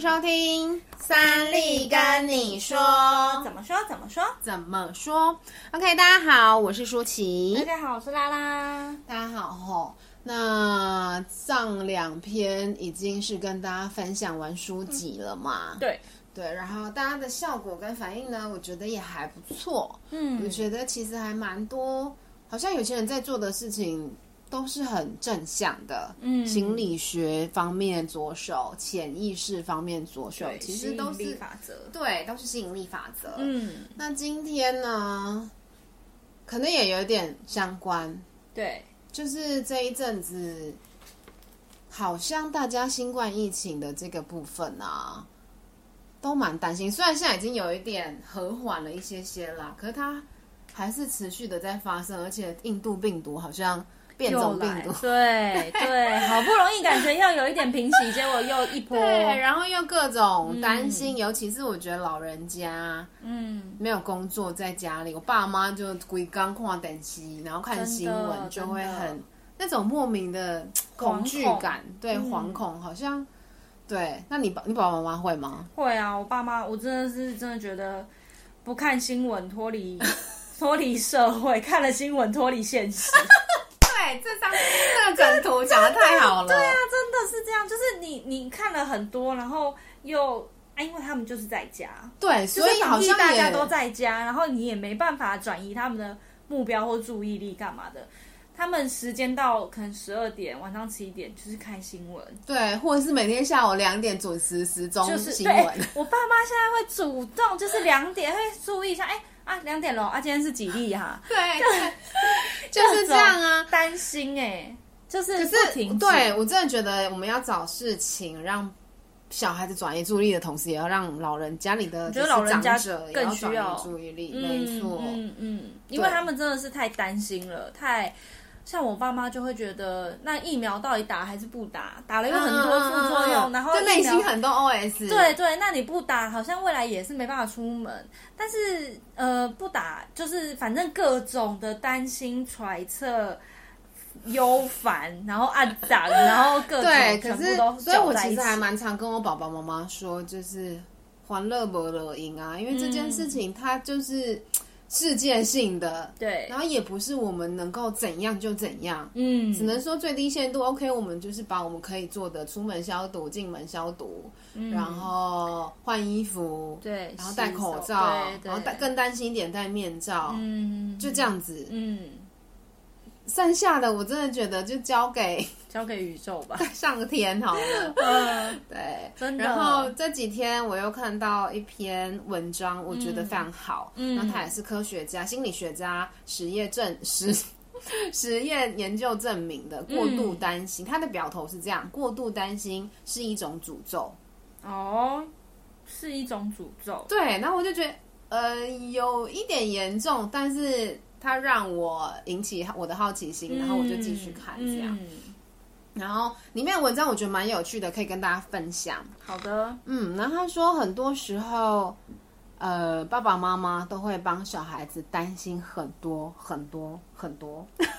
收聽三立跟，跟你說，怎麼說？怎麼說？怎麼說？OK，大家好，我是舒淇。大家好，我是拉拉。大家好吼、哦，那上兩篇已經是跟大家分享完書籍了嘛？嗯、對對，然後大家的效果跟反應呢，我覺得也還不錯。嗯，我覺得其實還蠻多，好像有些人在做的事情。都是很正向的，嗯，心理學方面着手，潛意識方面着手，其實都是心理法則，對，都是吸引力法則。嗯，那今天呢，可能也有一點相關，對，就是這一陣子，好像大家新冠疫情的這個部分啊，都蠻擔心。雖然現在已經有一點和緩了一些些啦，可是它還是持續的在發生，而且印度病毒好像。變種病毒，對對，好不容易感覺要有一點平息， 結果又一波，對，然後又各種擔心、嗯，尤其是我覺得老人家，嗯，沒有工作在家裡，我爸媽就歸剛看電視，然後看新聞就會很那種莫名的恐懼感恐，對，惶恐，好像、嗯、對。那你爸你爸爸媽媽會嗎？會啊，我爸媽我真的是真的覺得不看新聞脫離脫離社會， 看了新聞脫離現實。 這張這張圖講的太好了，對啊，真的是這樣，就是你你看了很多，然後又啊因為他們就是在家，對，所以好像、就是、大家都在家，然後你也沒辦法轉移他們的目標或注意力幹嘛的，他們時間到可能十二點，晚上十一點就是看新聞，對，或者是每天下午兩點準時時鐘就是新聞，我爸媽現在會主動就是兩點，會注意一下，哎。啊，兩點了啊！今天是幾億哈、啊？對, 對，就是這樣啊。擔心哎、欸，就是不停可是對我真的覺得我們要找事情讓小孩子轉移注意力的同時，也要讓老人家裡的只是，只有老人家者更需要注意力。沒錯，嗯嗯,嗯，因為他們真的是太擔心了，太。像我爸媽就會覺得，那疫苗到底打還是不打？打了有很多副作用，嗯、然後就內心很多 OS。對對，那你不打，好像未來也是沒辦法出門。但是呃，不打就是反正各種的擔心揣測，憂煩，然後暗戰，然後各種 全部都。所以我其實還蠻常跟我爸爸媽媽說，就是歡樂不樂意啊，因為這件事情它就是。嗯世界性的，對，然後也不是我們能夠怎樣就怎樣，嗯，只能說最低限度，OK，我們就是把我們可以做的，出門消毒、進門消毒，嗯，然後換衣服，對，然後戴口罩，對，然後更擔心一點戴面罩，嗯，就這樣子，嗯，剩下的我真的覺得就交給。交給宇宙吧，上天好了、 嗯。對，真的。然後這幾天我又看到一篇文章，嗯、我覺得非常好。嗯，那他也是科學家、嗯、心理學家，實驗證實、實驗研究證明的過度擔心、嗯。他的表頭是這樣：過度擔心是一種詛咒。哦，是一種詛咒。對，然後我就覺得，呃，有一點嚴重，但是他讓我引起我的好奇心，然後我就繼續看這樣。嗯嗯然後裡面的文章我覺得蠻有趣的，可以跟大家分享。好的，嗯，然後他說很多時候，呃，爸爸媽媽都會幫小孩子擔心很多很多很多。很多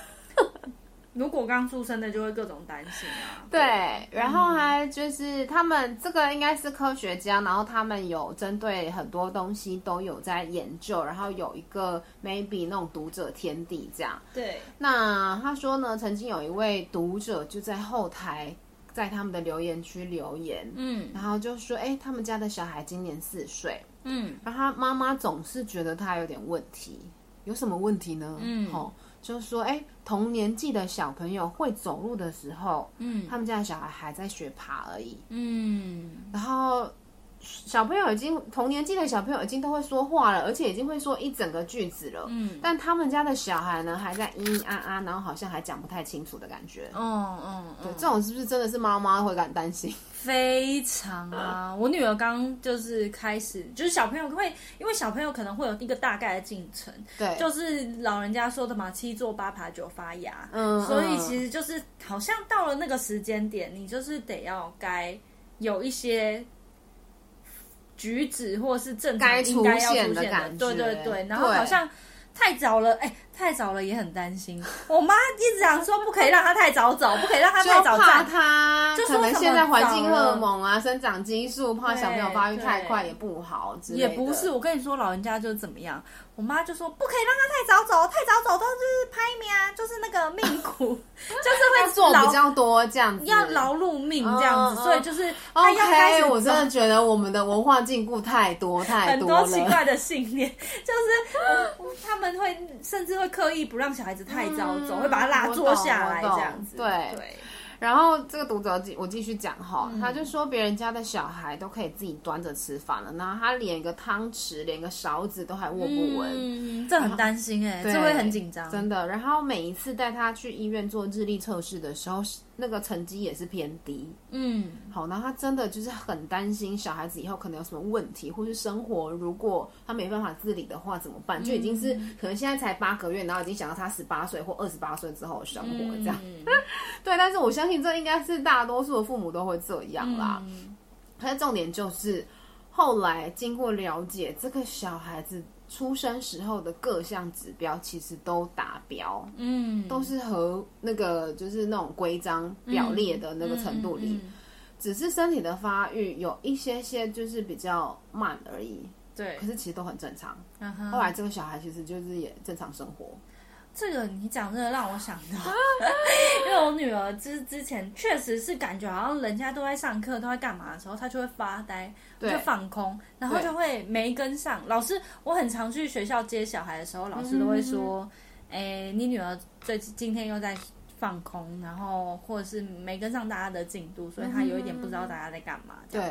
如果剛出生的就會各種擔心啊對。對，然後還就是、嗯、他們這個應該是科學家，然後他們有針對很多東西都有在研究，然後有一個 maybe 那種讀者天地這樣。對，那他說呢，曾經有一位讀者就在後台在他們的留言區留言，嗯，然後就說，哎、欸，他們家的小孩今年四歲，嗯，然後他媽媽總是覺得他有點問題，有什麼問題呢？嗯，好。就是說，哎、欸，同年紀的小朋友會走路的時候，嗯，他們家的小孩還在學爬而已，嗯，然後。小朋友已經同年紀的小朋友已經都會說話了，而且已經會說一整個句子了。嗯，但他們家的小孩呢，還在咿咿啊啊，然後好像還講不太清楚的感覺。嗯嗯，對，這種是不是真的是媽媽會很擔心？非常啊，啊！我女兒剛就是開始，就是小朋友會，因為小朋友可能會有一個大概的進程。對，就是老人家說的嘛，七坐八爬九發芽。嗯，所以其實就是好像到了那個時間點，你就是得要該有一些。舉止或是正常應該要出現的，出現的感覺。對對對，對。然後好像太早了，哎。太早了也很擔心， 我媽一直想說不可以讓他太早走，不可以讓他太早站。怕他就怕可能現在環境荷爾蒙啊、生長激素，怕小朋友發育太快也不好。也不是，我跟你說，老人家就是怎麼樣，我媽就說不可以讓他太早走，太早走都是拍面啊，就是那個命苦， 就是會做比較多這樣子。要勞碌命這樣子，嗯嗯，所以就是開始。O、okay, K，我真的覺得我們的文化禁錮太多太多，太多 很多奇怪的信念，就是、呃、 他們會甚至。會刻意不讓小孩子太早走、嗯，會把他拉坐下來這樣子，對。對，然後這個讀者繼我繼續講哈、哦嗯，他就說別人家的小孩都可以自己端着吃飯了，那他連個湯匙、連個勺子都還握不穩、嗯，這很擔心哎、欸，這會很緊張，真的。然後每一次帶他去醫院做智力測試的時候。那個成績也是偏低，嗯，好，那他真的就是很擔心小孩子以後可能有什麼問題，或是生活如果他沒辦法自理的話怎麼辦？嗯、就已經是可能現在才八個月，然後已經想到他十八歲或二十八歲之後的生活這樣。嗯、 對，但是我相信這應該是大多數的父母都會這樣啦。嗯、他的重點就是後來經過了解，這個小孩子。出生時候的各項指標其實都達標，嗯，都是和那個就是那種規章表列的那個程度裡，嗯嗯嗯嗯，只是身體的發育有一些些就是比較慢而已，對，可是其實都很正常。嗯哼，後來這個小孩其實就是也正常生活。這個你講，這個讓我想到，因為我女兒之之前確實是感覺好像人家都在上課都在幹嘛的時候，她就會發呆，就放空，然後就會沒跟上老師。我很常去學校接小孩的時候，老師都會說：“哎，你女兒最近今天又在放空，然後或者是沒跟上大家的進度，所以她有一點不知道大家在幹嘛。”對。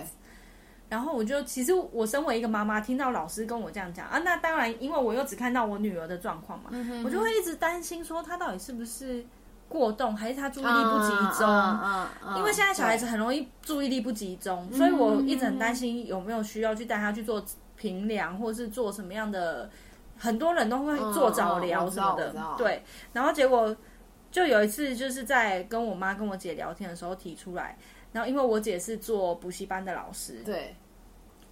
然後我就其實我身為一個媽媽，聽到老師跟我這樣講啊，那當然，因為我又只看到我女兒的狀況嘛，嗯、我就會一直擔心說她到底是不是過動，還是她注意力不集中、嗯？因為現在小孩子很容易注意力不集中，嗯、所以我一直很擔心有沒有需要去帶她去做評量、嗯，或是做什麼樣的？很多人都會做早療什麼的、嗯嗯，對。然後結果就有一次，就是在跟我媽跟我姐聊天的時候提出來，然後因為我姐是做補習班的老師，對。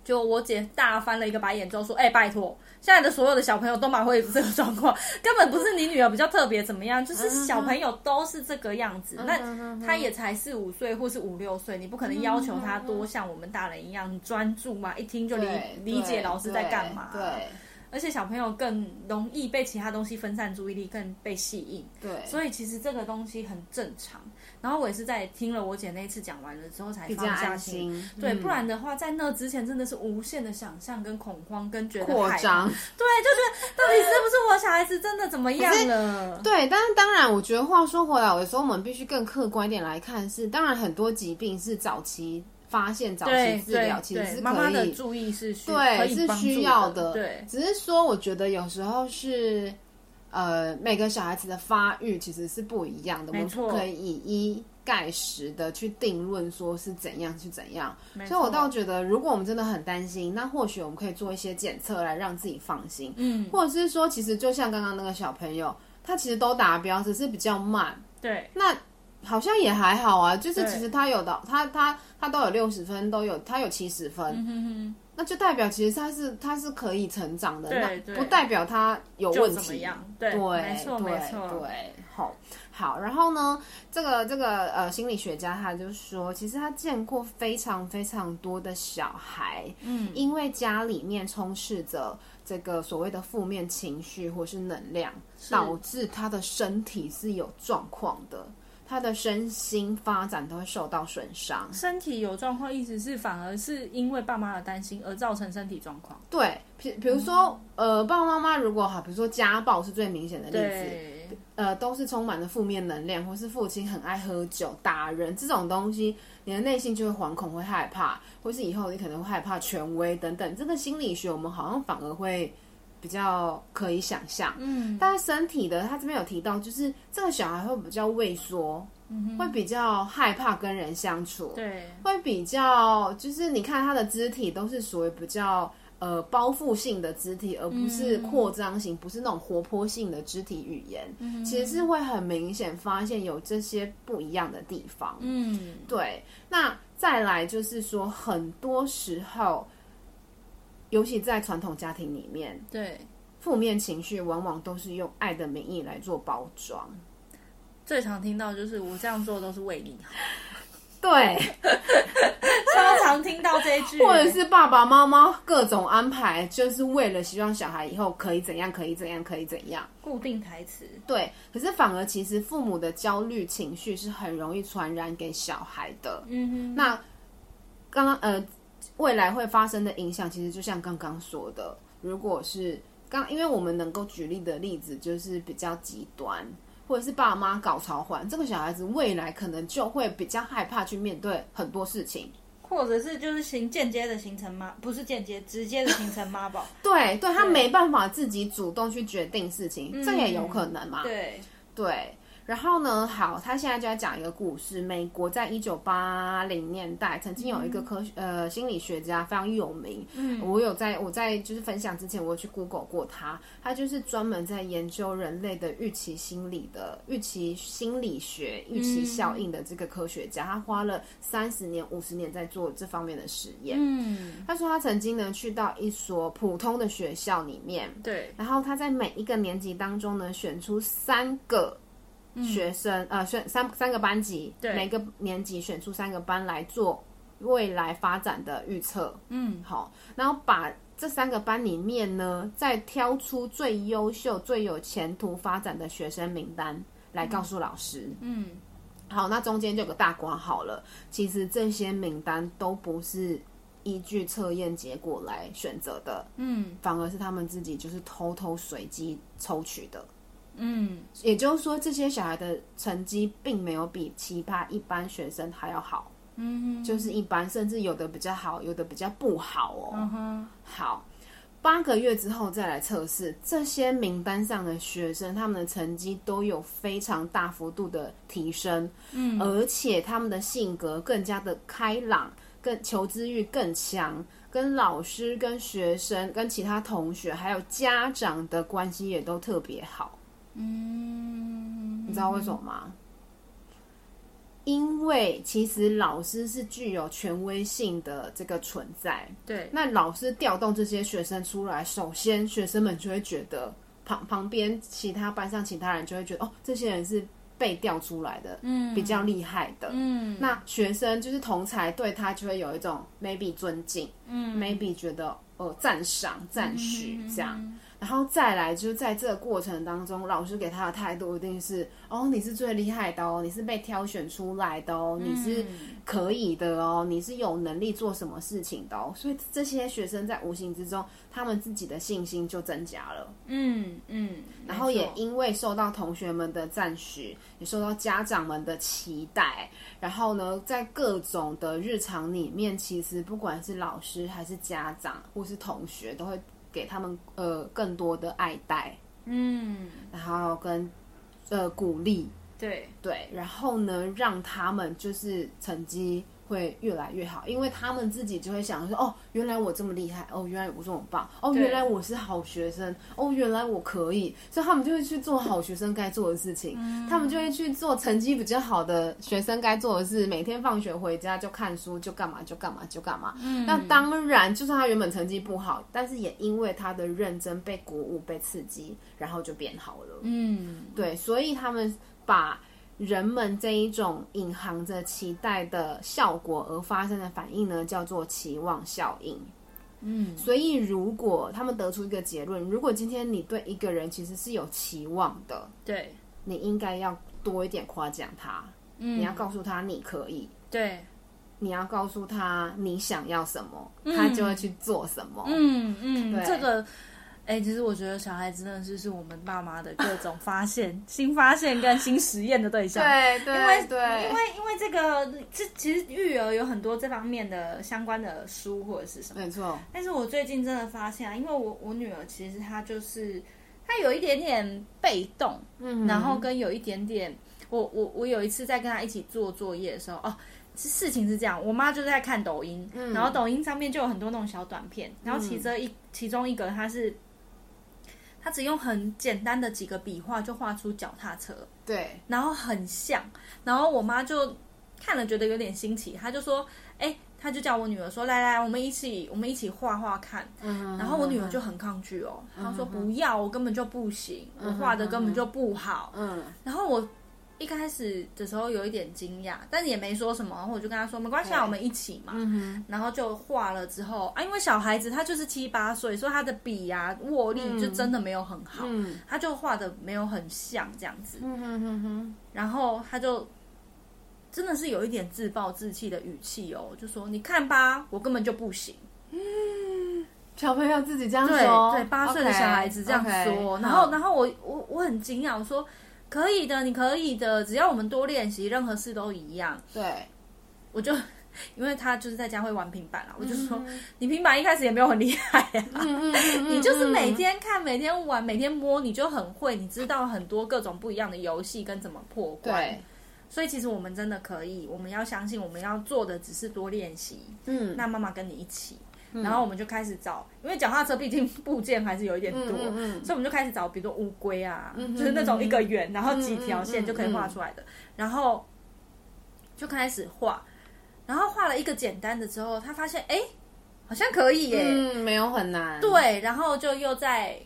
就我姐大翻了一個白眼，之後說：“哎、欸，拜託，現在的所有的小朋友都蠻會這個狀況，根本不是你女兒比較特別怎麼樣，就是小朋友都是這個樣子。那、嗯、他也才四五歲或是五六歲，你不可能要求他多像我們大人一樣專注嘛，一聽就理理解老師在幹嘛。”對。對而且小朋友更容易被其他東西分散注意力，更被吸引。對，所以其實這個東西很正常。然後我也是在聽了我姐那一次講完了之後才放下心。對、嗯，不然的話，在那之前真的是無限的想象、跟恐慌、跟覺得擴張。對，就覺得到底是不是我小孩子真的怎麼樣了？嗯、對，但是當然，我覺得話說回來，有時候我們必須更客觀一點來看是，是當然很多疾病是早期。發現早期治療其實是可以，媽媽注意是對是需要的，對。只是說，我覺得有時候是，呃，每個小孩子的發育其實是不一樣的，我們不可以以一概十的去定論，說是怎樣是怎樣。所以，我倒覺得，如果我們真的很擔心，那或許我們可以做一些檢測來讓自己放心，嗯。或者是說，其實就像剛剛那個小朋友，他其實都達標，只是比較慢，對。那。好像也還好啊，就是其實他有的，他他他都有六十分，都有，他有七十分，嗯哼哼，那就代表其實他是他是可以成長的，對，那不代表他有問題。對，對，對，沒錯沒錯，對，好，好。然後呢，這個這個呃，心理學家他就說，其實他見過非常非常多的小孩，嗯，因為家裡面充斥着這個所謂的負面情緒或是能量，是，導致他的身體是有狀況的。他的身心發展都會受到損傷，身體有狀況，意思是反而是因為爸媽的擔心而造成身體狀況。對，比比如說、嗯，呃，爸爸媽媽如果哈，比如說家暴是最明顯的例子，呃，都是充滿了負面能量，或是父親很愛喝酒、打人這種東西，你的內心就會惶恐、會害怕，或是以後你可能會害怕權威等等。這個心理學我們好像反而會。比較可以想象，嗯，但是身體的，他這邊有提到，就是這個小孩會比較畏縮，嗯，會比較害怕跟人相處，對，會比較就是你看他的肢體都是屬於比較呃包覆性的肢體，而不是擴張型，嗯，不是那種活潑性的肢體語言，嗯，其實是會很明顯發現有這些不一樣的地方，嗯，對，那再來就是說很多時候，尤其在傳統家庭裡面，對負面情緒往往都是用愛的名義來做包裝。最常聽到的就是我這樣做都是為你好。對，常 常聽到這一句，或者是爸爸媽媽各種安排，就是為了希望小孩以後可以怎樣，可以怎樣，可以怎樣。固定台詞。對，可是反而其實父母的焦慮情緒是很容易傳染給小孩的。嗯哼。那剛剛呃。未來會發生的影響，其實就像剛剛說的，如果是剛，因為我們能夠舉例的例子就是比較極端，或者是爸媽搞吵架，這個小孩子未來可能就會比較害怕去面對很多事情，或者是就是行間接的形成媽，不是間接，直接的形成媽寶， 對對，他沒辦法自己主動去決定事情，嗯、這也有可能嘛、啊？對對。然後呢，好，他現在就要講一個故事。美國在一九八零年代曾經有一個科學、嗯，呃，心理學家非常有名。嗯，我有在，我在就是分享之前，我有去 Google 過他。他就是專門在研究人類的預期心理的預期心理學、預期效應的這個科學家。嗯，他花了三十年、五十年在做這方面的實驗。嗯，他說他曾經呢去到一所普通的學校裡面，對，然後他在每一個年級當中呢選出三個。學生，呃，選三三個班級，對，每個年級選出三個班來做未來發展的預測。嗯，好，然後把這三個班裡面呢，再挑出最優秀、最有前途發展的學生名單來告訴老師嗯。嗯，好，那中間就有個大瓜，好了，其實這些名單都不是依據測驗結果來選擇的。嗯，反而是他們自己就是偷偷隨機抽取的。嗯，也就是說，這些小孩的成績並沒有比其他一般學生還要好，嗯哼，就是一般，甚至有的比較好，有的比較不好哦。嗯哼。好，八個月之後再來測試，這些名單上的學生，他們的成績都有非常大幅度的提升，嗯，而且他們的性格更加的開朗，更求知慾更強，跟老師、跟學生、跟其他同學還有家長的關係也都特別好。嗯，你知道為什麼嗎？嗯，因為其實老師是具有權威性的這個存在。對，那老師調動這些學生出來，首先學生們就會覺得旁旁邊其他班上其他人就會覺得哦，這些人是被調出來的，嗯，比較厲害的，嗯，那學生就是同儕對他就會有一種 maybe 尊敬，嗯，maybe 覺得哦，讚賞贊許這樣。嗯嗯嗯。然後再來，就是在這個過程當中，老師給他的態度一定是：哦，你是最厲害的哦，你是被挑選出來的哦，嗯、你是可以的哦，你是有能力做什麼事情的哦。所以這些學生在無形之中，他們自己的信心就增加了。嗯嗯，然後也因為受到同學們的讚許，也受到家長們的期待，然後呢，在各種的日常裡面，其實不管是老師還是家長或是同學，都會。給他們呃更多的愛戴，嗯，然後跟呃鼓勵，對對，然後呢，讓他們就是成績，會越來越好，因為他們自己就會想說：“哦，原來我這麼厲害，哦，原來我這麼棒，哦，原來我是好學生，哦，原來我可以。”所以他們就會去做好學生該做的事情，嗯，他們就會去做成績比較好的學生該做的事，每天放學回家就看書，就幹嘛，就幹嘛，就幹嘛。嗯、那當然，就算他原本成績不好，但是也因為他的認真被鼓舞，被刺激，然後就變好了。嗯，對，所以他們把。人們這一種隱含着期待的效果而發生的反應呢，叫做期望效應。嗯，所以如果他們得出一個結論，如果今天你對一個人其實是有期望的，對，你應該要多一點誇獎他，嗯，你要告訴他你可以，對，你要告訴他你想要什麼，嗯，他就會去做什麼，嗯嗯，嗯，對這個。哎、欸，其實我覺得小孩子真的就是我們爸媽的各種發現、 新發現跟新實驗的對象。 對，對，因為對因為因為這個，這其實育兒有很多這方面的相關的書或者是什麼。沒錯。但是我最近真的發現啊，因為我我女兒其實她就是她有一點點被動，嗯，然後跟有一點點，我我我有一次在跟她一起做作業的時候，哦，事情是這樣，我媽就在看抖音、嗯，然後抖音上面就有很多那種小短片，然後其中一、嗯、其中一個她是。他只用很簡單的幾個筆畫就畫出腳踏車，對，然後很像，然後我媽就看了覺得有點新奇，她就說：“哎，她就叫我女兒說，來，來來，我們一起，我們一起畫畫看。嗯”嗯，嗯，嗯，然後我女兒就很抗拒哦，嗯嗯嗯她說：“不要，我根本就不行，嗯嗯嗯我畫的根本就不好。嗯”嗯，嗯，嗯，然後我。一開始的時候有一點驚訝，但是也沒說什麼。然後我就跟他說：“沒關係啊，okay. 我們一起嘛。嗯”然後就畫了之後啊，因為小孩子他就是七八歲，所以他的筆啊握力就真的沒有很好，嗯、他就畫的沒有很像這樣子、嗯哼哼哼。然後他就真的是有一點自暴自棄的語氣哦，就說：“你看吧，我根本就不行。嗯”小朋友自己這樣說，對，對八歲的小孩子這樣子說。Okay. Okay. 然後，然後我我我很驚訝，我說。可以的，你可以的，只要我們多練習，任何事都一樣。對，我就因為他就是在家會玩平板啦，嗯、我就說你平板一開始也沒有很厲害啊嗯哼嗯哼嗯哼，你就是每天看、每天玩、每天摸，你就很會，你知道很多各種不一樣的遊戲跟怎麼破關。對，所以其實我們真的可以，我們要相信，我們要做的只是多練習。嗯，那媽媽跟你一起。嗯、然後我們就開始找，因為腳踏車畢竟部件還是有一點多，嗯嗯嗯，所以我們就開始找，比如說烏龜啊，嗯嗯嗯，就是那種一個圓，然後幾條線就可以畫出來的，嗯嗯嗯嗯嗯，然後就開始畫，然後畫了一個簡單的之後，他發現哎、欸，好像可以耶，欸嗯，沒有很難，對，然後就又再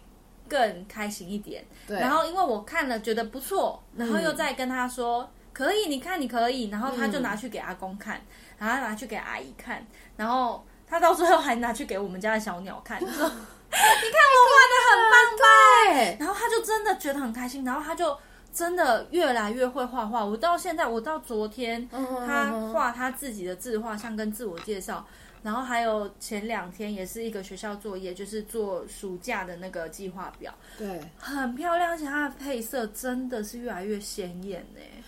更開心一點，對，然後因為我看了覺得不錯，然後又再跟他說，嗯、可以，你看你可以，然後他就拿去給阿公看，然後他拿去給阿姨看，然後。他到最後還拿去給我們家的小鳥看，你說你看我畫的很棒吧？然後他就真的覺得很開心，然後他就真的越來越會畫畫。我到現在，我到昨天，他畫他自己的自畫像跟自我介紹，然後還有前兩天也是一個學校作業，就是做暑假的那個計劃表，對，很漂亮，而且他的配色真的是越來越鮮艷哎。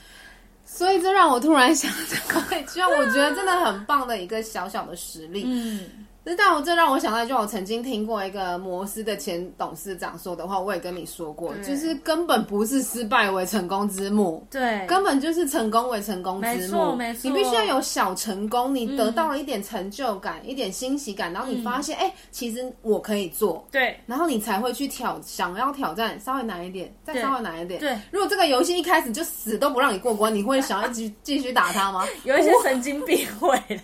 所以這讓我突然想到，就我覺得真的很棒的一個小小的實力。 嗯。那但我這讓我想到就、就我曾經聽過一個摩斯的前董事長說的話，我也跟你說過，就是根本不是失敗為成功之母，對，根本就是成功為成功之母。沒錯，沒錯。你必須要有小成功，嗯，你得到了一點成就感，嗯，一點欣喜感，然後你發現，哎、嗯欸，其實我可以做，對，然後你才會去挑想要挑戰，稍微難一點，再稍微難一點。對，如果這個遊戲一開始就死都不讓你過關，你會想要繼繼續打它嗎？ 有一些神經病會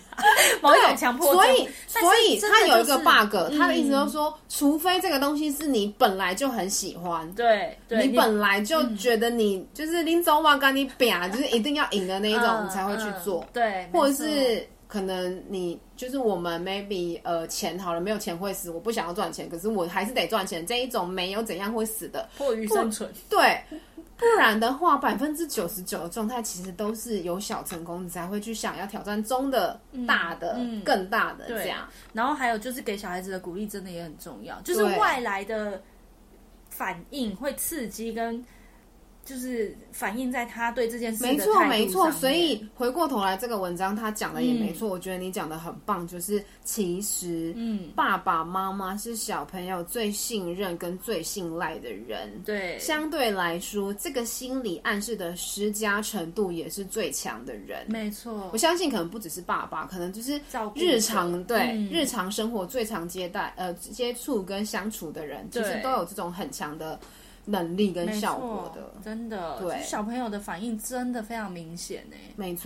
某一種強迫症，所以所以。他、欸就是、有一個 bug，他、嗯、的意思就是說，除非這個東西是你本來就很喜歡，對，對你本來就覺得你、嗯、就是拎走萬跟你扁，就是一定要贏的那一種，你才會去做、嗯嗯，對，或者是。可能你就是我們，maybe 呃，錢好了沒有錢會死，我不想要賺錢，可是我還是得賺錢，這一種沒有怎樣會死的迫於生存。對，不然的話，百分之九十九的狀態其實都是有小成功，你才會去想要挑戰中的、嗯、大的、嗯、更大的這樣，對。然後還有就是給小孩子的鼓勵真的也很重要，就是外來的反應會刺激跟。就是反映在他對這件事的態度，沒錯沒錯，所以回過頭來這個文章他講的也沒錯，嗯、我覺得你講的很棒。就是其實，嗯，爸爸媽媽是小朋友最信任跟最信賴的人，對，相對來說，這個心理暗示的施加程度也是最強的人。沒錯，我相信可能不只是爸爸，可能就是日常照顧者、對、嗯、日常生活最常接待呃接觸跟相處的人，其實都有這種很強的。能力跟效果的，真的，對小朋友的反應真的非常明顯呢。沒錯，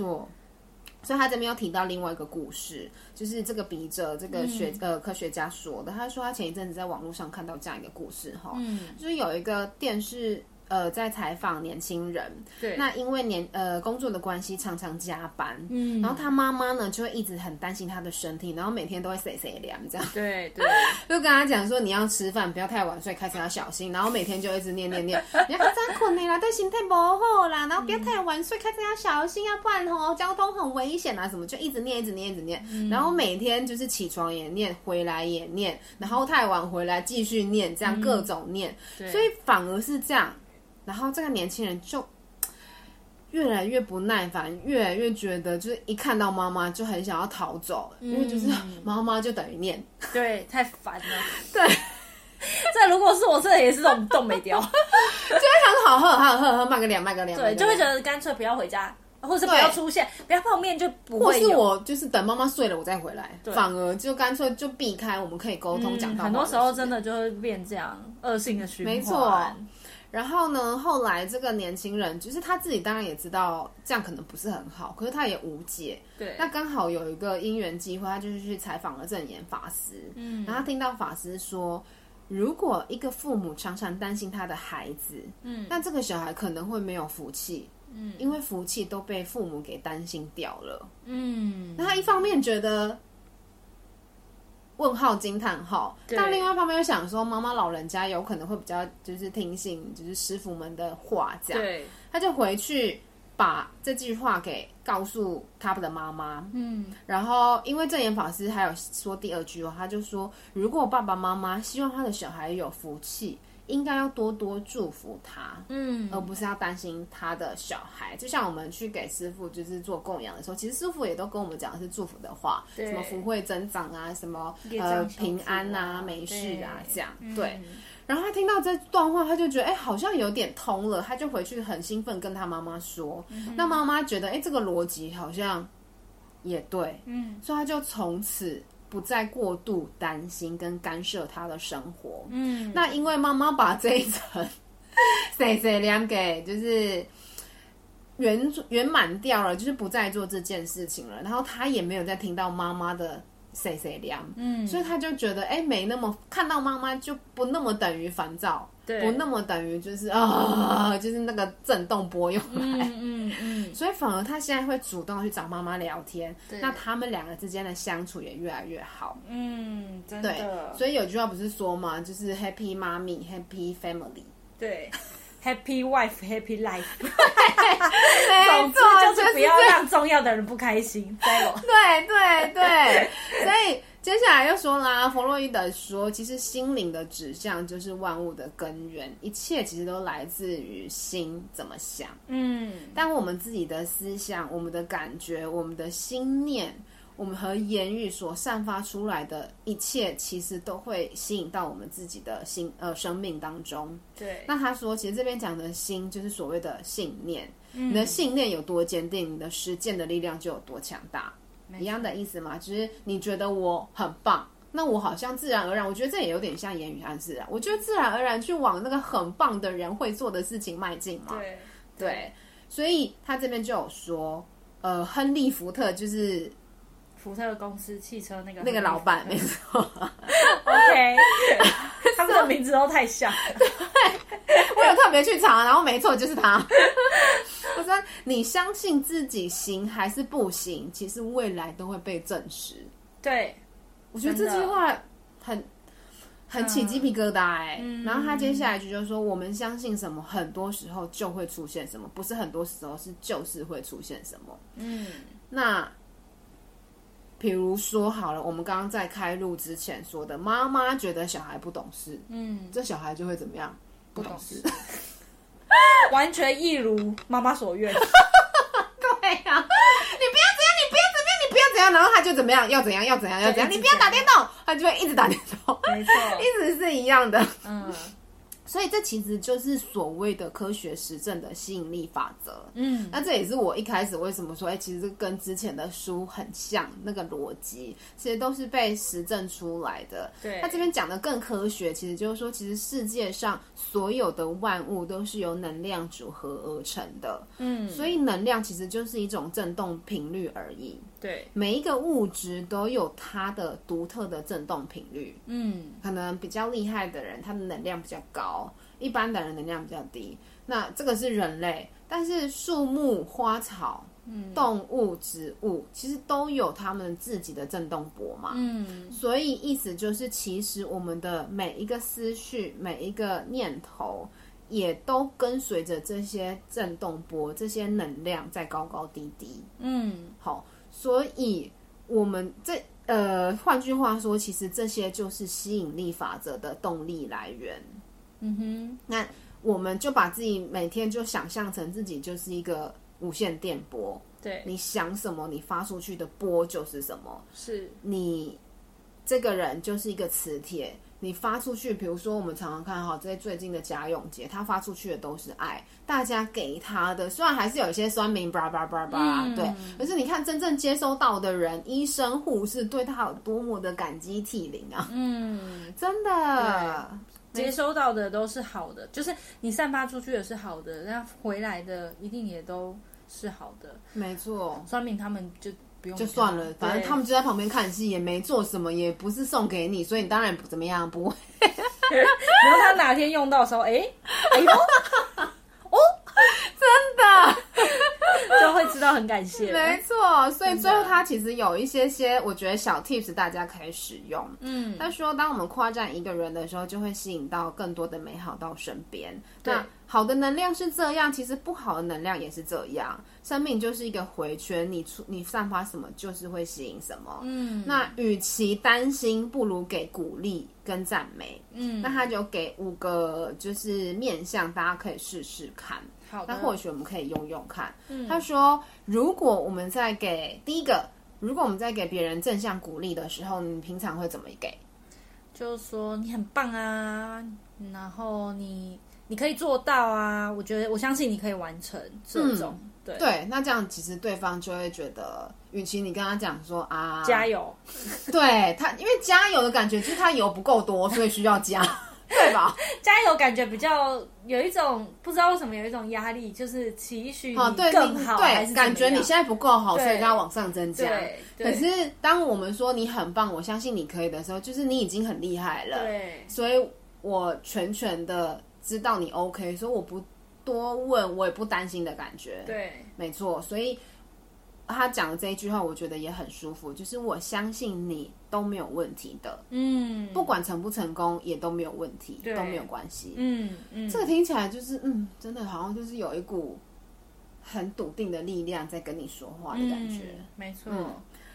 所以他這邊又提到另外一個故事，就是這個筆者這個學呃、嗯、科學家說的，他說他前一陣子在網絡上看到這樣一個故事哈，嗯，就是有一個電視。呃，在採訪年輕人，對，那因為年呃工作的關係，常常加班，嗯，然後他媽媽呢就會一直很擔心他的身體，然後每天都會碎碎念這樣，對對， 就跟他講說你要吃飯不要太晚睡，開車要小心，然後每天就一直念念念， 你要辛苦你啦，對身體不好啦，然後不要太晚睡，嗯、開車要小心啊，要不然哦、喔、交通很危險啊，什麼就一直念一直念一直念、嗯，然後每天就是起床也念，回來也念，然後太晚回來繼續念，這樣各種念，嗯、所以反而是這樣。然後這個年輕人就越來越不耐煩，越來越覺得就是一看到媽媽就很想要逃走、嗯，因為就是媽媽就等於念，對，太煩了， 對。 這如果是我，這也是這種動沒掉， 就會想說好喝好喝好喝，賣個兩賣個兩，對，就會覺得乾脆不要回家，或者是不要出現，不要碰面，就不會。或是我就是等媽媽睡了，我再回來，反而就乾脆就避開，我們可以溝通、嗯、講。很多時候真的就會變這樣、嗯，惡性的循環。沒錯啊。然後呢，後來這個年輕人，就是他自己，當然也知道這樣可能不是很好，可是他也無解。對。那剛好有一個因緣機會，他就是去採訪了證嚴法師。嗯。然後他聽到法師說，如果一個父母常常擔心他的孩子，嗯，那這個小孩可能會沒有福氣。嗯。因為福氣都被父母給擔心掉了。嗯。那他一方面覺得。問號驚嘆號，但另外一方面又想說，媽媽老人家有可能會比較就是聽信就是師父們的話，這樣，他就回去把這句話給告訴他的媽媽。嗯，然後因為證嚴法師還有說第二句哦，他就說，如果爸爸媽媽希望他的小孩有福氣。應該要多多祝福他，嗯，而不是要擔心他的小孩。就像我們去給師傅就是做供養的時候，其實師傅也都跟我們講的是祝福的話，什麼福慧增長啊，什麼、啊、呃平安啊，啊、沒事啊這樣。對、嗯，然後他聽到這段話，他就覺得哎、欸，好像有點通了，他就回去很興奮跟他媽媽說，嗯、那媽媽覺得哎、欸，這個邏輯好像也對，嗯，所以他就從此。不再過度擔心跟干涉他的生活。嗯，那因為媽媽把這一層，塞塞兩給，就是圓圓滿掉了，就是不再做這件事情了。然後他也沒有再聽到媽媽的。碎碎念，所以他就覺得哎、欸，沒那麼看到媽媽就不那麼等於煩躁，對，不那麼等於就是啊，就是那個震動波又來，嗯嗯嗯，所以反而他現在會主動去找媽媽聊天，對，那他們兩個之間的相處也越來越好，嗯，對，所以有句話不是說嘛，就是 Happy Mommy，Happy Family，對。 Happy wife, happy life。 總之就是不要讓重要的人不開心。就是、對對 對，對對對 所以接下來又說啦、啊，弗洛伊德說，其實心靈的指向就是萬物的根源，一切其實都來自於心怎麼想。嗯，但我們自己的思想、我們的感覺、我們的心念。我們和言語所散發出來的一切，其實都會吸引到我們自己的心，呃，生命當中。對。那他說，其實這邊講的心就是所謂的信念。嗯。你的信念有多堅定，你的實踐的力量就有多強大。一樣的意思嗎？就是你覺得我很棒，那我好像自然而然，我覺得這也有點像言語暗示啊。我覺得自然而然去往那個很棒的人會做的事情邁進嘛。對。對。對。所以他這邊就有說，呃，亨利福特就是。福特公司汽車那個那個老板， 沒錯。OK， 他們的名字都太像了 對。我有特別去查，然後沒錯就是他。 我說：“你相信自己行還是不行？其實未來都會被證實。”對，我覺得這句話很很，很起雞皮疙瘩、欸。哎、嗯，然後他接下來一句就是說：“我們相信什麼，很多時候就會出現什麼。不是很多時候是就是會出現什麼。”嗯，那。比如說好了，我們剛剛在開錄之前說的，媽媽覺得小孩不懂事，嗯，這小孩就會怎麼樣？不懂事，懂事 完全一如媽媽所願。 對呀、啊，你不要怎樣，你不要怎樣，你不要怎樣，然後他就怎麼樣？要怎樣？要怎樣？要怎樣？怎樣，你不要打電動，他就會一直打電動、嗯、 沒錯，一直是一樣的，嗯。所以這其實就是所謂的科學實證的吸引力法則。嗯，那這也是我一開始為什麼說，哎、欸，其實跟之前的書很像，那個邏輯其實都是被實證出來的。對，他這邊講的更科學，其實就是說，其實世界上所有的萬物都是由能量組合而成的。嗯，所以能量其實就是一種振動頻率而已。對，每一個物質都有它的獨特的振動頻率。嗯，可能比較厲害的人，他的能量比較高；一般的人能量比較低。那這個是人類，但是樹木、花草、動物、植物其實都有它們自己的振動波嘛。嗯，所以意思就是，其實我們的每一個思緒、每一個念頭，也都跟隨着這些振動波、這些能量在高高低低。嗯，好。所以，我們這呃，換句話說，其實這些就是吸引力法則的動力來源。嗯哼，那我們就把自己每天就想象成自己就是一個無線電波。對，你想什麼，你發出去的波就是什麼。是，你這個人就是一個磁鐵。你發出去，比如說我們常常看哈，這些最近的賈永婕，他發出去的都是愛，大家給他的，雖然還是有一些酸民，叭叭叭叭，對，可是你看真正接收到的人，醫生、護士對他有多麼的感激涕零啊！嗯，真的，接收到的都是好的，就是你散發出去的是好的，那回來的一定也都是好的，沒錯。酸民他們就。就算了，反正他們就在旁邊看戲，也沒做什麼，也不是送給你，所以你當然不怎麼樣，不會。 然後他哪天用到的時候，哎、欸，哎呦。 很感謝，沒錯，所以最後他其實有一些些，我覺得小 tips 大家可以使用。嗯，他說，當我們誇讚一個人的時候，就會吸引到更多的美好到身邊。對，那好的能量是這樣，其實不好的能量也是這樣。生命就是一個回圈，你出你散發什麼，就是會吸引什麼。嗯，那與其擔心，不如給鼓勵跟讚美。嗯，那他就給五個就是面向，大家可以試試看。那或許我們可以用用看。嗯、他說，如果我們在給第一個，如果我們在給別人正向鼓勵的時候，你平常會怎麼給？就是說你很棒啊，然後你你可以做到啊，我覺得我相信你可以完成。這種、嗯、對，對，那這樣其實對方就會覺得，與其你跟他講說啊，加油，對他，因為加油的感覺就是他油不夠多， 所以需要加。 對吧？ 加油，感覺比較有一種不知道為什麼有一種壓力，就是期許，對，更好，啊、對，對，感覺你現在不夠好，所以要往上增加對對。可是當我們說你很棒，我相信你可以的時候，就是你已經很厲害了。對，所以我全全的知道你 OK，所以我不多問，我也不擔心的感覺。對，沒錯。所以他講的這一句話，我覺得也很舒服，就是我相信你。都沒有問題的，嗯，不管成不成功也都沒有問題，對，都沒有關係，嗯嗯，這個聽起來就是，嗯，真的好像就是有一股很篤定的力量在跟你說話的感覺，嗯，沒錯，嗯。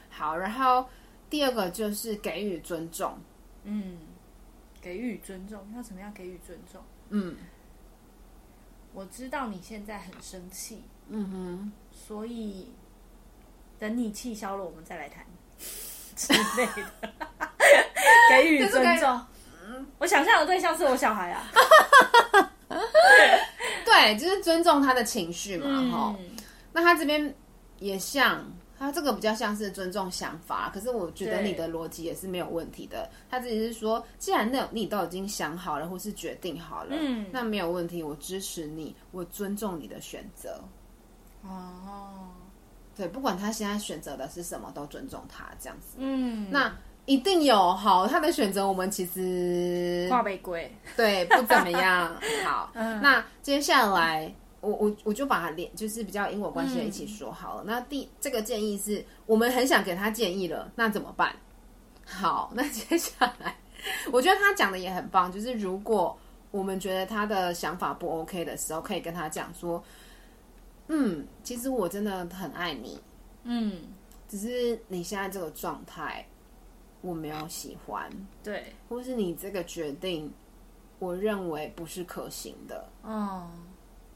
好，然後第二個就是給予尊重，嗯，給予尊重，要怎麼樣給予尊重？嗯，我知道你現在很生氣，嗯哼，所以等你氣消了，我們再來談。之類的， 給予尊重。就是你嗯、我想象的對象是我小孩啊， 對，就是尊重他的情緒嘛，哈、嗯。那他這邊也像，他這個比較像是尊重想法。可是我覺得你的邏輯也是沒有問題的。他自己是說，既然那你都已經想好了，或是決定好了，嗯，那沒有問題，我支持你，我尊重你的選擇。哦。對，不管他現在選擇的是什麼，都尊重他這樣子。嗯，那一定有好他的選擇，我們其實畫眉龜對不怎麼樣。好、嗯，那接下來我我我就把他連就是比較因果關係的一起說好了。那第這個建議是，我們很想給他建議了，那怎麼辦？好，那接下來我覺得他講的也很棒，就是如果我們覺得他的想法不 OK 的時候，可以跟他講說。嗯，其實我真的很愛你，嗯，只是你現在這個狀態我沒有喜歡，對，或是你這個決定，我認為不是可行的，嗯、哦，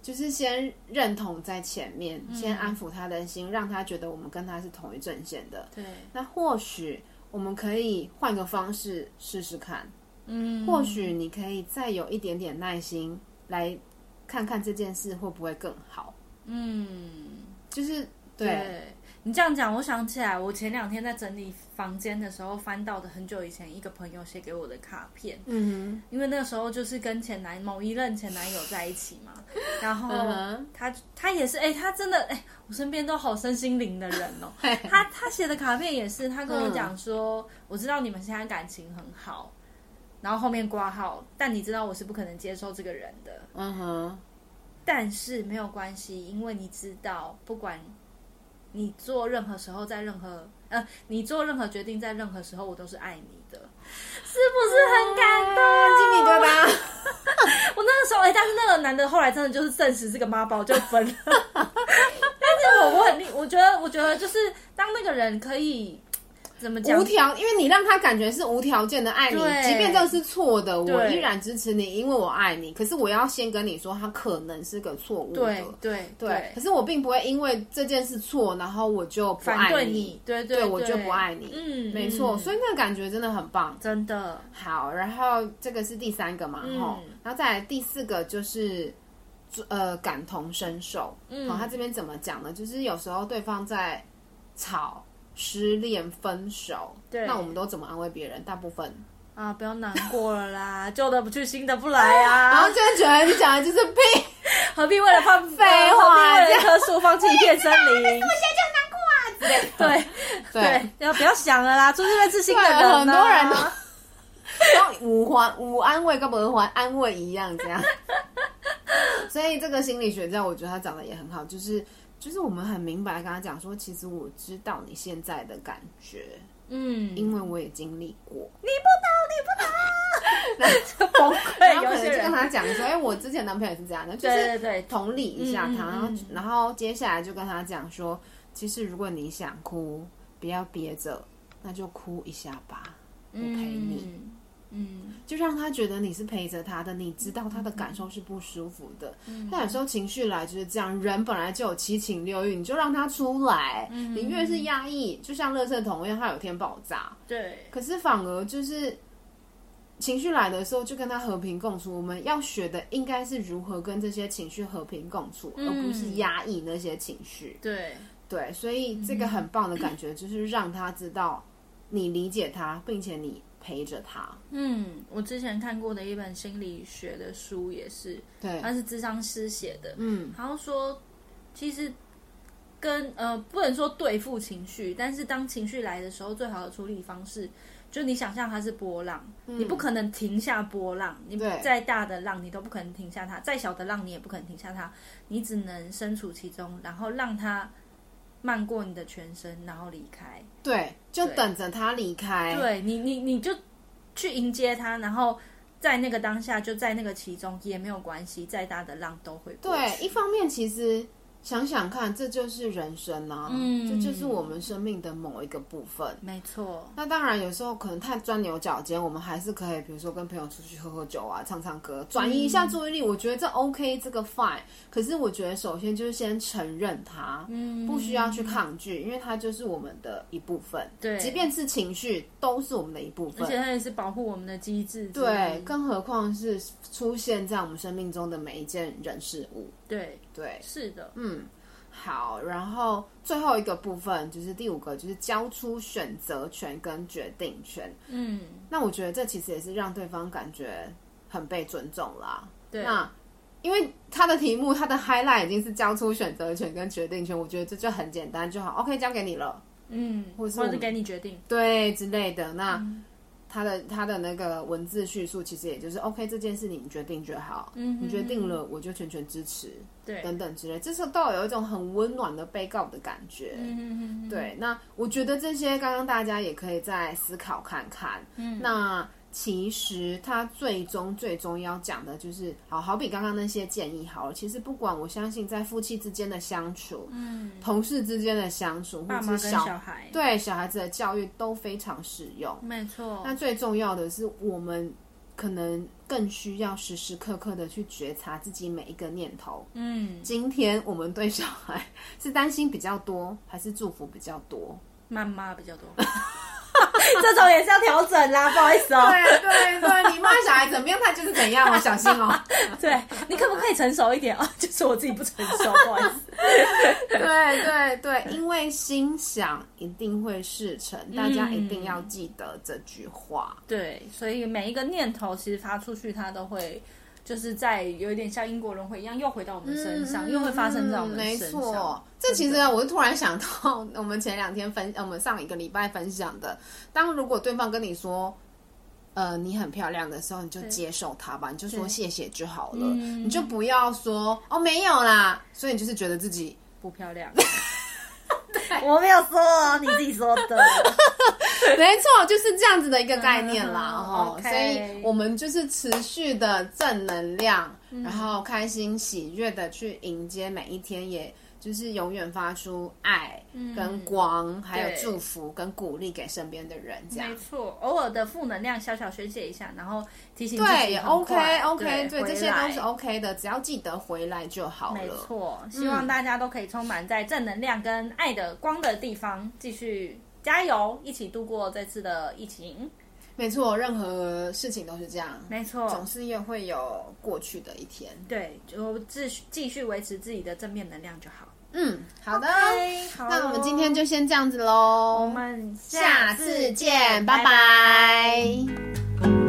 就是先認同在前面，嗯、先安撫他的心，讓他覺得我們跟他是同一陣線的，對，那或許我們可以換個方式試試看，嗯，或許你可以再有一點點耐心，來看看這件事會不會更好。嗯，就是對，對，你這樣講，我想起來，我前兩天在整理房間的時候翻到的很久以前一個朋友寫給我的卡片。嗯哼，因為那個時候就是跟前男某一任前男友在一起嘛，然後他、嗯、他，他也是，哎、欸，他真的，哎、欸，我身邊都好身心靈的人哦、喔。他他寫的卡片也是，他跟我講說、嗯，我知道你們現在感情很好，然後後面括號，但你知道我是不可能接受這個人的。嗯哼。但是沒有關係，因為你知道，不管你做任何時候，在任何呃，你做任何決定，在任何時候，我都是愛你的。是不是很感動？基、哦、米，對吧？ 我那個時候哎、欸，但是那個男的後來真的就是證實這個媽寶就分了。 但是，我問你，我覺得，我覺得就是當那個人可以。無條，因為你讓他感覺是無條件的愛你，即便這是錯的，我依然支持你，因為我愛你。可是我要先跟你說，他可能是個錯誤的，對對對，對。可是我並不會因為這件事錯，然後我就不愛你，對對，對，對，你對，對，對，對，我就不愛你。嗯，沒錯。所以那個感覺真的很棒，真的好。然後這個是第三個嘛，嗯、吼，然後再來第四個就是呃感同身受。嗯，他這邊怎麼講呢？就是有時候對方在吵。失戀、分手對，那我們都怎麼安慰別人？大部分啊，不要難過了啦，舊 的不去，新的不來啊。然後就在覺得你講的就是屁，何必為了 放棄，何必為了棵樹放棄一片森林？就啊！ 對對， 要不要想了啦？出去認識新的人。很多人呢，五環五安慰，跟五環安慰一樣這樣。 所以這個心理學家，我覺得他講的也很好，就是。就是我們很明白跟他講說，其實我知道你現在的感覺，嗯，因為我也經歷過。你不懂，你不懂， 那 然後崩潰，然後就跟他講說，哎， 我之前男朋友也是這樣的，就是對對對，就是、同理一下他，嗯、然後然後接下來就跟他講說、嗯，其實如果你想哭，不要憋着，那就哭一下吧，我陪你。嗯嗯，就讓他覺得你是陪着他的，你知道他的感受是不舒服的。嗯，但有時候情緒來就是這樣，人本來就有七情六慾，你就讓他出來。嗯、你越是壓抑，就像樂色桶一樣，他有天爆炸。對，可是反而就是情緒來的時候，就跟他和平共處。我們要學的應該是如何跟這些情緒和平共處，嗯、而不是壓抑那些情緒。對，對，所以這個很棒的感覺就是讓他知道你理解他，嗯、並且你。陪着他。嗯，我之前看過的一本心理學的書也是，對，他是諮商師寫的，嗯，然後說，其實跟呃，不能說對付情緒，但是當情緒來的時候，最好的處理方式，就你想象它是波浪，嗯，你不可能停下波浪，你再大的浪你都不可能停下它，再小的浪你也不可能停下它，你只能身處其中，然後讓它，漫過你的全身，然後離開。對，就等着他離開。對，對你，你你就去迎接他，然後在那個當下，就在那個其中也沒有關係，再大的浪都會。對，一方面其實。想想看，這就是人生吶、啊嗯，這就是我們生命的某一個部分。沒錯。那當然，有時候可能太鑽牛角尖，我們還是可以，比如說跟朋友出去喝喝酒啊，唱唱歌，轉移一下注意力、嗯。我覺得這 OK，這個 fine。可是我覺得，首先就是先承認它、嗯，不需要去抗拒，因為它就是我們的一部分。對，即便是情緒，都是我們的一部分，而且它也是保護我們的機製。對，更何況是出現在我們生命中的每一件人事物。對。對，是的，嗯，好，然後最後一個部分就是第五個，就是交出選擇權跟決定權，嗯，那我覺得這其實也是讓對方感覺很被尊重啦，對，那因為他的題目，他的 highlight 已經是交出選擇權跟決定權，我覺得這就很簡單就好，OK，交給你了，嗯，或是我就給你決定，對之類的，那。嗯他的他的那個文字敘述，其實也就是 OK，這件事你決定就好，嗯哼哼，你決定了我就全權支持，對，等等之類，這時候都有有一種很溫暖的被告的感覺，嗯嗯，對，那我覺得這些剛剛大家也可以再思考看看，嗯，那。其實他最終最終要講的就是，好好比剛剛那些建議好了。其實不管，我相信在夫妻之間的相處，嗯，同事之間的相處，或者小，小孩對小孩子的教育都非常適用。沒錯。那最重要的是，我們可能更需要時時刻刻的去覺察自己每一個念頭。嗯，今天我們對小孩是擔心比較多，還是祝福比較多？媽媽比較多。 這種也是要調整啦， 不好意思哦、喔。對對對，你罵小孩怎麼樣，他就是怎樣我、喔、 小心哦、喔。對，你可不可以成熟一點哦？ 就是我自己不成熟， 不好意思。對對對， 因為心想一定會事成，大家一定要記得這句話。嗯、對，所以每一個念頭其實發出去，它都會。就是在有一點像因果輪迴一樣，又回到我們身上、嗯，又會發生在我們身上。沒錯，這其實我是突然想到，我們前兩天分，我們上一個禮拜分享的，當如果對方跟你說，呃，你很漂亮的時候，你就接受他吧，你就說謝謝就好了，你就不要說哦，沒有啦，所以你就是覺得自己不漂亮。 我沒有說、啊，哦，你自己說的。 沒錯，就是這樣子的一個概念啦，哈、嗯。吼 Okay. 所以，我們就是持續的正能量，嗯、然後開心喜悅的去迎接每一天也。就是永遠發出愛跟光，嗯，還有祝福跟鼓勵給身邊的人，這樣沒錯。偶爾的負能量小小宣泄一下，然後提醒自己。對，OK OK，對，對，對，這些都是 OK 的，只要記得回來就好了。沒錯，希望大家都可以充滿在正能量跟愛的光的地方，繼、嗯、續加油，一起度過這次的疫情。嗯、沒錯，任何事情都是這樣，沒錯，總是也會有過去的一天。對，就繼續繼續維持自己的正面能量就好。嗯，好的 okay, 好，那我們今天就先這樣子嘍，我們下次見，拜拜。